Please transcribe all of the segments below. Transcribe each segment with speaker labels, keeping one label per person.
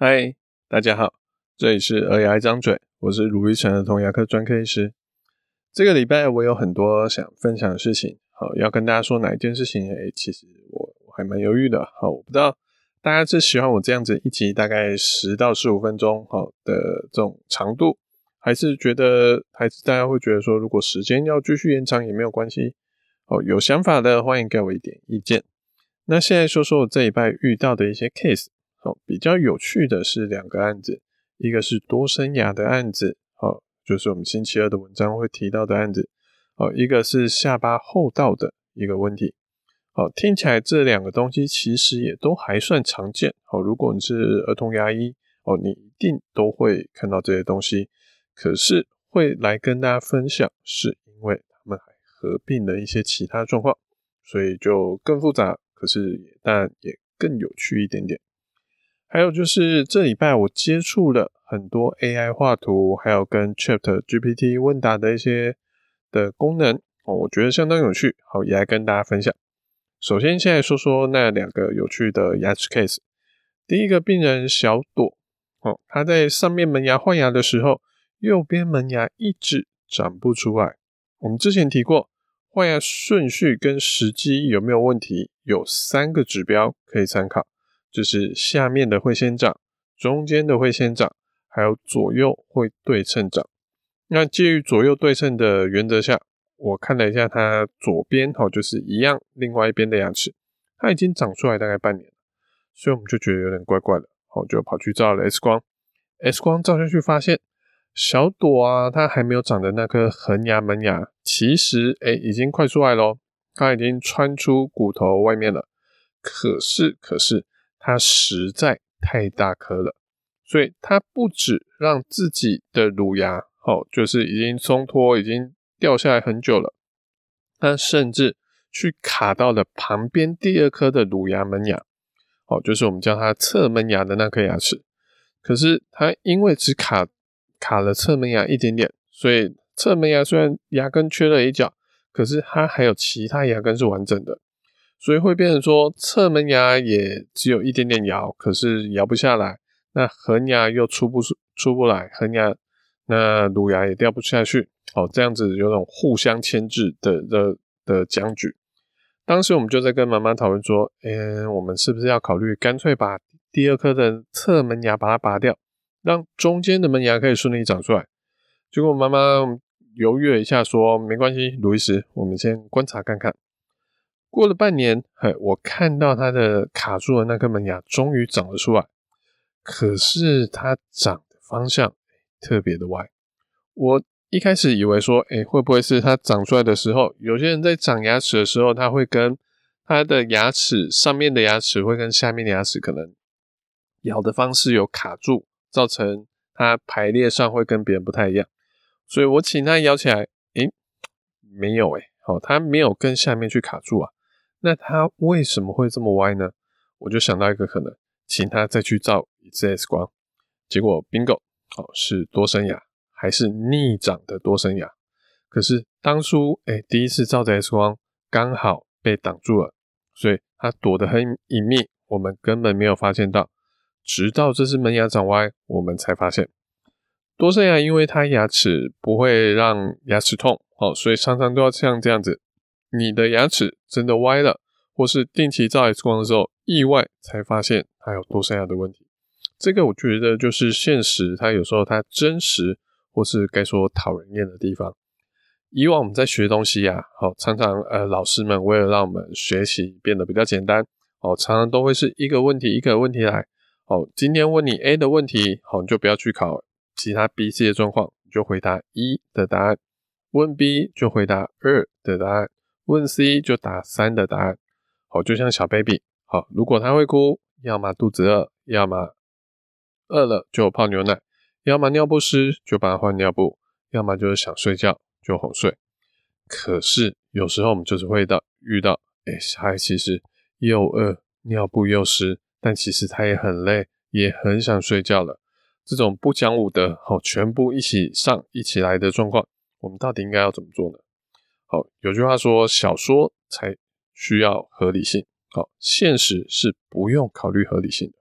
Speaker 1: 嗨，Hi, 大家好，這裡是兒牙一張嘴，我是盧育成兒童牙科專科醫師。這個禮拜我有很多想分享的事情，好，要跟大家說哪一件事情？哎，其實我還蠻猶豫的，好，我不知道大家是喜歡我這樣子一集大概十到十五分鐘好的這種長度，還是覺得還是大家會覺得說如果時間要繼續延長也沒有關係。哦，有想法的歡迎給我一點意見。那現在說說我這禮拜遇到的一些 case。好，比較有趣的是兩個案子，一個是多生牙的案子，哦，就是我們星期二的文章會提到的案子，哦，一個是下巴戽斗的一個問題，哦，聽起來這兩個東西其實也都還算常見，哦，如果你是兒童牙醫，哦，你一定都會看到這些東西，可是會來跟大家分享，是因為他們還合併了一些其他狀況，所以就更複雜，可是也但也更有趣一點點。還有就是這禮拜我接觸了很多 AI 畫圖，還有跟 ChatGPT 問答的一些的功能，我覺得相當有趣。好，也來跟大家分享。首先，先來說說那兩個有趣的牙齒 case。第一個病人小朵，哦，他在上面門牙換牙的時候，右邊門牙一直長不出來。我們之前提過，換牙順序跟時機有沒有問題，有三個指標可以參考。就是下面的會先長，中間的會先長，還有左右會對稱長。那介於左右對稱的原則下，我看了一下它左邊吼，就是一樣，另外一邊的牙齒，它已經長出來大概半年了，所以我們就覺得有點怪怪的，好，就跑去照了 X 光。X 光照下去發現，小朵啊，它還沒有長的那顆恆牙門牙，其實誒、欸、已經快出來咯，它已經穿出骨頭外面了。可是可是。它實在太大顆了，所以它不止讓自己的乳牙，哦，就是已經鬆脫、已經掉下來很久了，它甚至去卡到了旁邊第二顆的乳牙門牙，哦，就是我們叫它側門牙的那顆牙齒。可是它因為只卡卡了側門牙一點點，所以側門牙雖然牙根缺了一角，可是它還有其他牙根是完整的。所以會變成說，側門牙也只有一點點搖，可是搖不下來，那恆牙又出不出出不來，恆牙那乳牙也掉不下去，哦，這樣子有種互相牽制的的的僵局。當時我們就在跟媽媽討論說，嗯、欸，我們是不是要考慮乾脆把第二顆的側門牙把它拔掉，讓中間的門牙可以順利長出來。結果媽媽猶豫了一下說，沒關係，魯醫師，我們先觀察看看。過了半年，嘿，我看到它的卡住的那顆門牙終於長了出來，可是它長的方向特別的歪。我一開始以為說，哎、欸，會不會是它長出來的時候，有些人在長牙齒的時候，他會跟他的牙齒上面的牙齒會跟下面的牙齒可能咬的方式有卡住，造成它排列上會跟別人不太一樣。所以我請他咬起來，誒、欸，沒有誒、欸，好、哦，它沒有跟下面去卡住啊。那他為什麼會這麼歪呢？我就想到一個可能，請他再去照一次 X 光，結果 bingo，哦，是多生牙，還是逆長的多生牙。可是當初哎、欸、第一次照的 X 光剛好被擋住了，所以它躲得很隱秘，我們根本沒有發現到。直到這只門牙長歪，我們才發現。多生牙因為它牙齒不會讓牙齒痛，哦，所以常常都要像這樣子。你的牙齒真的歪了，或是定期照 X 光的時候意外才發現還有多生牙的問題，這個我覺得就是現實，它有時候它真實或是該說討人厭的地方。以往我們在學東西呀、啊，好常常呃老師們為了讓我們學習變得比較簡單，哦常常都會是一個問題一個問題來，哦今天問你 A 的問題，好你就不要去考其他 B、C 的狀況，你就回答一的答案，問 B 就回答二的答案。問 C 就打三的答案，好就像小 baby，好如果他會哭，要麼肚子餓，要麼餓了就泡牛奶，要麼尿布濕就幫他換尿布，要麼就是想睡覺就哄睡。可是有時候我們就是會到遇到，哎，小孩其實又餓尿布又濕，但其實他也很累，也很想睡覺了。這種不講武德，好全部一起上一起來的狀況，我們到底應該要怎麼做呢？好、哦，有句話說，小說才需要合理性。好、哦，現實是不用考慮合理性的，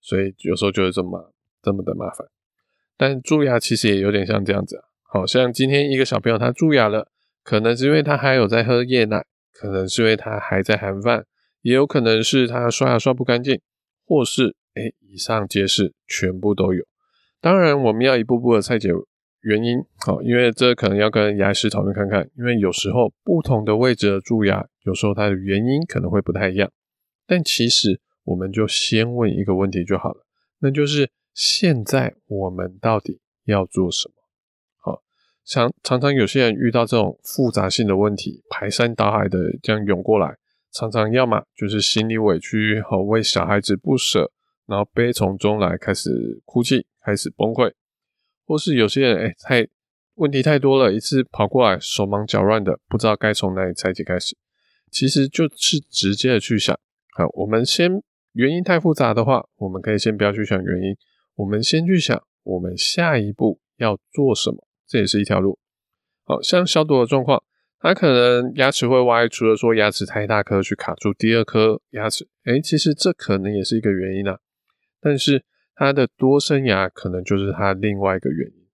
Speaker 1: 所以有時候就是這麼這麼的麻煩。但蛀牙其實也有點像這樣子，好、哦、像今天一個小朋友他蛀牙了，可能是因為他還有在喝夜奶，可能是因為他還在含飯，也有可能是他刷牙刷不乾淨，或是哎，以上皆是，全部都有。當然，我們要一步步的拆解。原因好，因為這可能要跟牙醫師討論看看，因為有時候不同的位置的蛀牙，有時候它的原因可能會不太一樣。但其實我們就先問一個問題就好了，那就是現在我們到底要做什麼？好，常常常有些人遇到這種複雜性的問題，排山倒海的這樣湧過來，常常要麼就是心裡委屈和為小孩子不舍，然後悲從中來，開始哭泣，開始崩潰。或是有些人哎、欸、太，問題太多了，一次跑過來手忙腳亂的，不知道該從哪裡拆解開始。其實就是直接的去想，好，我們先，原因太複雜的話，我們可以先不要去想原因，我們先去想我們下一步要做什麼，這也是一條路。好，像消毒的狀況，他可能牙齒會歪，除了說牙齒太大顆去卡住第二顆牙齒，哎、欸，其實這可能也是一個原因啊，但是。它的多生牙可能就是它另外一個原因，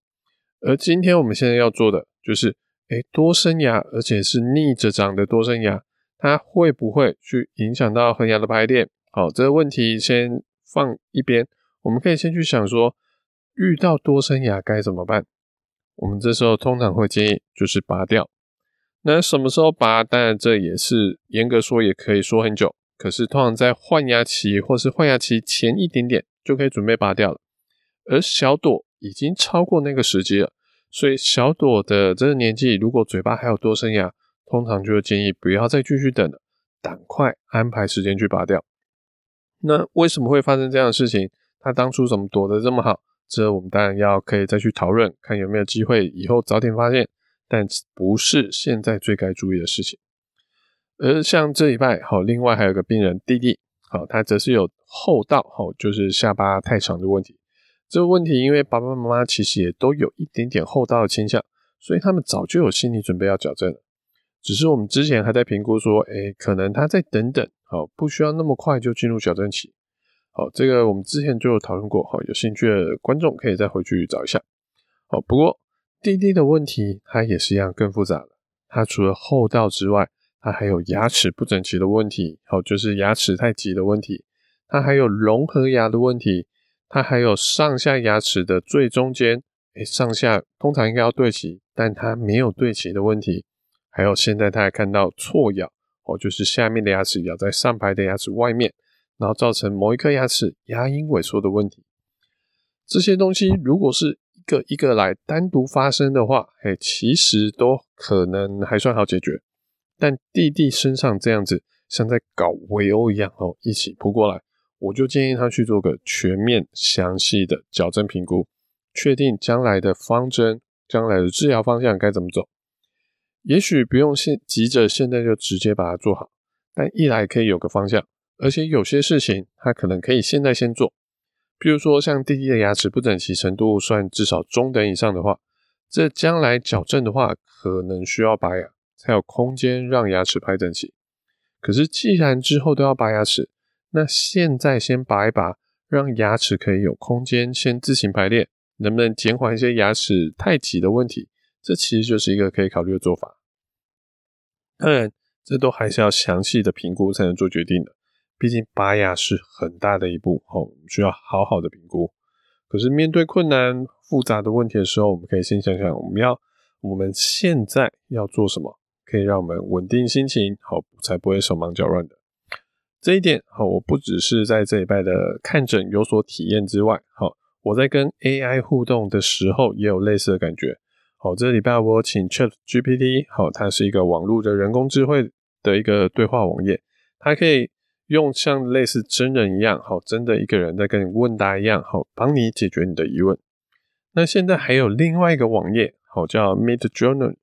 Speaker 1: 而今天我們現在要做的就是，誒，多生牙，而且是逆着長的多生牙，它會不會去影響到恆牙的排列？好，這個問題先放一邊，我們可以先去想說，遇到多生牙該怎麼辦？我們這時候通常會建議就是拔掉，那什麼時候拔？當然這也是嚴格說也可以說很久，可是通常在換牙期或是換牙期前一點點。就可以準備拔掉了，而小朵已經超過那個時機了，所以小朵的這個年紀，如果嘴巴還有多生牙，通常就建議不要再繼續等了，趕快安排時間去拔掉。那為什麼會發生這樣的事情？他當初怎麼躲得這麼好？這我們當然要可以再去討論，看有沒有機會以後早點發現，但不是現在最該注意的事情。而像這禮拜好，另外還有個病人弟弟。好，他則是有戽斗，好、哦，就是下巴太長的問題。這個問題，因為爸爸媽媽其實也都有一點點戽斗的傾向，所以他們早就有心理準備要矯正了。只是我們之前還在評估說，哎，可能他再等等，好、哦，不需要那麼快就進入矯正期。好、哦，這個我們之前就有討論過，好、哦，有興趣的觀眾可以再回去找一下。好、哦，不過弟弟的問題，他也是一樣更複雜了。他除了戽斗之外，它還有牙齒不整齊的問題，好，就是牙齒太擠的問題。它還有融合牙的問題，它還有上下牙齒的最中間，哎、欸，上下通常應該要對齊，但它沒有對齊的問題。還有現在大家看到錯咬，哦，就是下面的牙齒咬在上排的牙齒外面，然後造成某一顆牙齒牙齦萎縮的問題。這些東西如果是一個一個來單獨發生的話，哎、欸，其實都可能還算好解決。但弟弟身上這樣子，像在搞圍毆一樣哦，一起撲過來，我就建議他去做個全面詳細的矯正評估，確定將來的方針、將來的治療方向該怎麼走。也許不用現急着現在就直接把它做好，但一來可以有個方向，而且有些事情他可能可以現在先做，比如說像弟弟的牙齒不整齊程度算至少中等以上的話，這將來矯正的話可能需要拔牙。才有空間讓牙齒排整齊。可是，既然之後都要拔牙齒，那現在先拔一拔，讓牙齒可以有空間先自行排列，能不能減緩一些牙齒太擠的問題？這其實就是一個可以考慮的做法。當然，這都還是要詳細的評估才能做決定的。畢竟拔牙是很大的一步哦，我們需要好好的評估。可是，面對困難複雜的問題的時候，我們可以先想想，我們要，我們現在要做什麼？可以讓我們穩定心情，好，才不會手忙腳亂的。這一點，好，我不只是在這禮拜的看診有所體驗之外，好，我在跟 AI 互動的時候也有類似的感覺。好，這禮拜我請 ChatGPT，好，它是一個網絡的人工智慧的一個對話網頁，它可以用像類似真人一樣，好，真的一個人在跟你問答一樣，好，幫你解決你的疑問。那現在還有另外一個網頁，好，叫 Midjourney。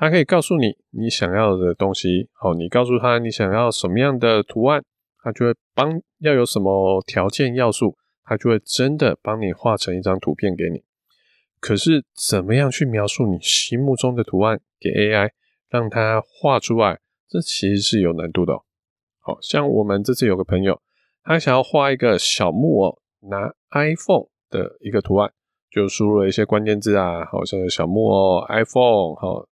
Speaker 1: 它可以告訴你你想要的東西，好，你告訴他你想要什麼樣的圖案，他就會幫要有什麼條件要素，他就會真的幫你畫成一張圖片給你。可是怎麼樣去描述你心目中的圖案給 AI，讓它畫出來，這其實是有難度的。好像我們這次有個朋友，他想要畫一個小木偶拿 iPhone 的一個圖案，就輸入了一些關鍵字啊，好像小木偶 iPhone 好。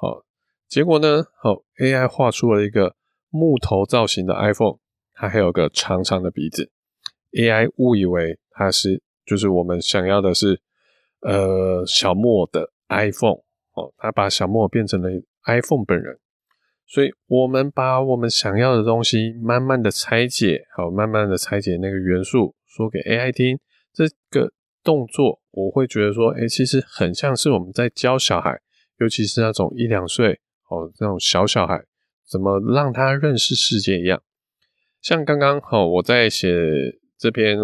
Speaker 1: 好，結果呢？好，AI 畫出了一個木頭造型的 iPhone，它還有個長長的鼻子。AI 誤以為它是，就是我們想要的是，呃，小木偶的 iPhone。哦，它把小木偶變成了 iPhone 本人。所以，我們把我們想要的東西慢慢的拆解，好，慢慢的拆解那個元素，說給 AI 聽。這個動作，我會覺得說，哎、欸，其實很像是我們在教小孩。尤其是那種一兩歲哦，那種小小孩，怎麼讓他認識世界一樣？像剛剛哈、哦，我在寫這篇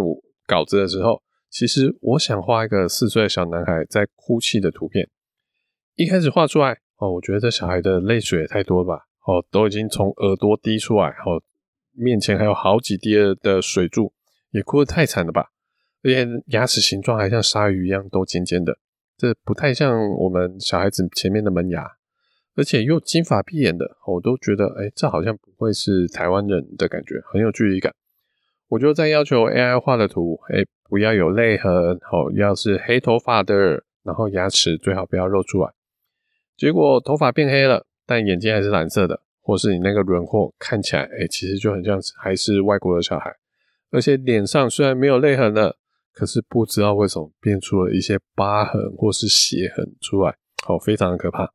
Speaker 1: 稿子的時候，其實我想畫一個四歲的小男孩在哭泣的圖片。一開始畫出來哦，我覺得這小孩的淚水也太多了吧？哦，都已經從耳朵滴出來，哦，面前還有好幾滴的水柱，也哭得太慘了吧？而且牙齒形狀還像鯊魚一樣，都尖尖的。這不太像我們小孩子前面的門牙，而且又金髮碧眼的，我都覺得，哎，這好像不會是台灣人的感覺，很有距離感。我就在要求 AI 畫的圖，哎，不要有淚痕，好，要是黑頭髮的，然後牙齒最好不要露出來。結果頭髮變黑了，但眼睛還是藍色的，或是你那個輪廓看起來，哎，其實就很像是還是外國的小孩，而且臉上雖然沒有淚痕了。可是不知道為什麼變出了一些疤痕或是血痕出來，好，非常的可怕。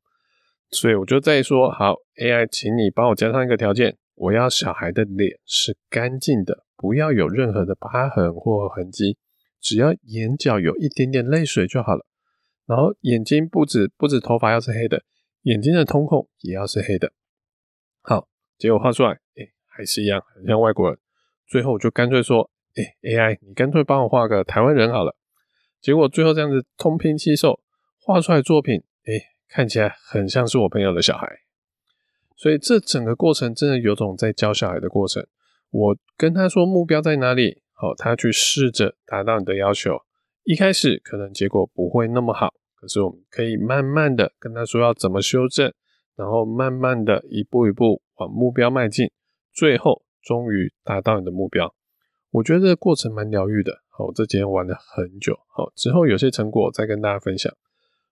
Speaker 1: 所以我就再說，好，AI，請你幫我加上一個條件，我要小孩的臉是乾淨的，不要有任何的疤痕或痕跡，只要眼角有一點點淚水就好了。然後眼睛不止不止頭髮要是黑的，眼睛的瞳孔也要是黑的。好，結果畫出來，哎、欸，還是一樣，很像外國人。最後我就乾脆說。哎、欸、AI，你干脆幫我畫個台灣人好了。結果最後這樣子東拼西湊畫出來作品，哎、欸，看起來很像是我朋友的小孩。所以這整個過程真的有種在教小孩的過程。我跟他說目標在哪裡，好、哦，他去試着達到你的要求。一開始可能結果不會那麼好，可是我們可以慢慢的跟他說要怎麼修正，然後慢慢的一步一步往目標邁進，最後終於達到你的目標。我覺得這個過程蠻療癒的。好、哦，我這幾天玩了很久。好、哦，之後有些成果再跟大家分享。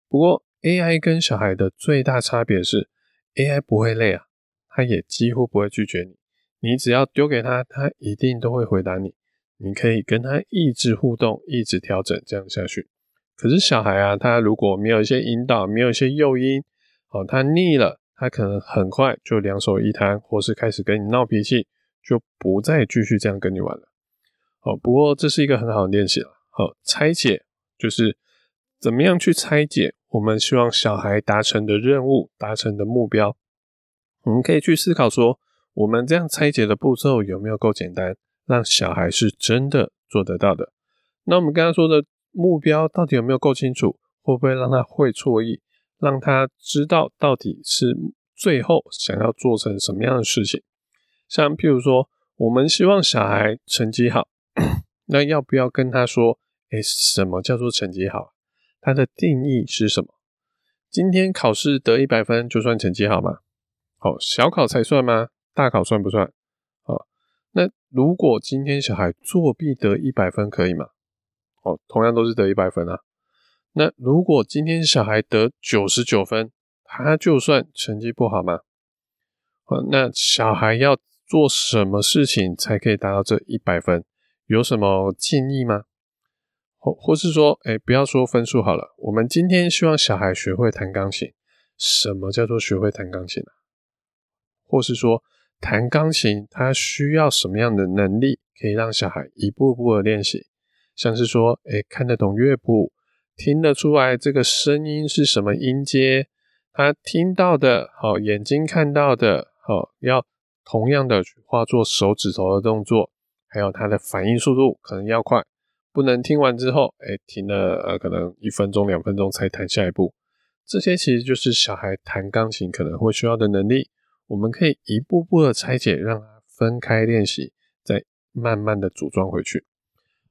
Speaker 1: 不過，AI 跟小孩的最大差別是，AI 不會累啊，他也幾乎不會拒絕你。你只要丟給他，他一定都會回答你。你可以跟他一直互動，一直調整，這樣下去。可是小孩啊，他如果沒有一些引導，沒有一些誘因，哦，他膩了，他可能很快就兩手一攤，或是開始跟你鬧脾氣，就不再繼續這樣跟你玩了。哦，不過這是一個很好的練習了。好、哦，拆解就是怎麼樣去拆解我們希望小孩達成的任務、達成的目標。我們可以去思考說，我們這樣拆解的步驟有沒有夠簡單，讓小孩是真的做得到的？那我們剛剛說的目標到底有沒有夠清楚？會不會讓他會錯意？讓他知道到底是最後想要做成什麼樣的事情？像譬如說，我們希望小孩成績好。 那要不要跟他說？哎，什麼叫做成績好？他的定義是什麼？今天考試得一百分就算成績好嗎？好、哦，小考才算嗎？大考算不算？好、哦，那如果今天小孩作弊得一百分可以嗎？哦，同樣都是得一百分啊。那如果今天小孩得九十九分，他就算成績不好嗎？好、哦，那小孩要做什麼事情才可以達到這一百分？有什麼建議嗎？或或是說，哎、欸，不要說分數好了。我們今天希望小孩學會彈鋼琴。什麼叫做學會彈鋼琴啊？或是說，彈鋼琴他需要什麼樣的能力，可以讓小孩一步步的練習？像是說，哎、欸，看得懂樂譜，聽得出來這個聲音是什麼音階，他聽到的好，眼睛看到的好，要同樣的去化作手指頭的動作。還有它的反應速度可能要快，不能聽完之後，哎，停了，呃，可能一分鐘、兩分鐘才彈下一步。這些其實就是小孩彈鋼琴可能會需要的能力。我們可以一步步的拆解，讓它分開練習，再慢慢的組裝回去。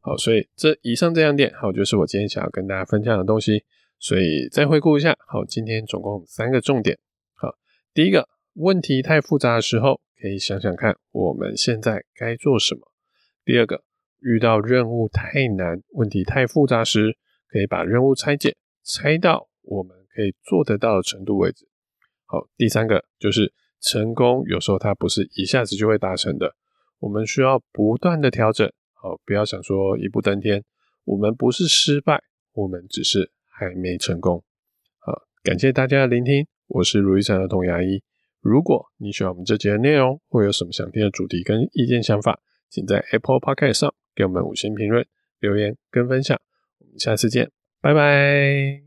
Speaker 1: 好，所以這以上這兩點，好，就是我今天想要跟大家分享的東西。所以再回顧一下，好，今天總共三個重點。好，第一個，問題太複雜的時候，可以想想看我們現在該做什麼。第二個，遇到任務太難、問題太複雜時，可以把任務拆解，拆到我們可以做得到的程度為止。好，第三個就是成功，有時候它不是一下子就會達成的，我們需要不斷的調整。好，不要想說一步登天，我們不是失敗，我們只是還沒成功。好，感謝大家的聆聽，我是如意山兒童牙醫。如果你喜歡我們這集的內容，或有什麼想聽的主題跟意見想法，請在 Apple Podcast 上給我們五星評論、留言跟分享。我們下次見，拜拜。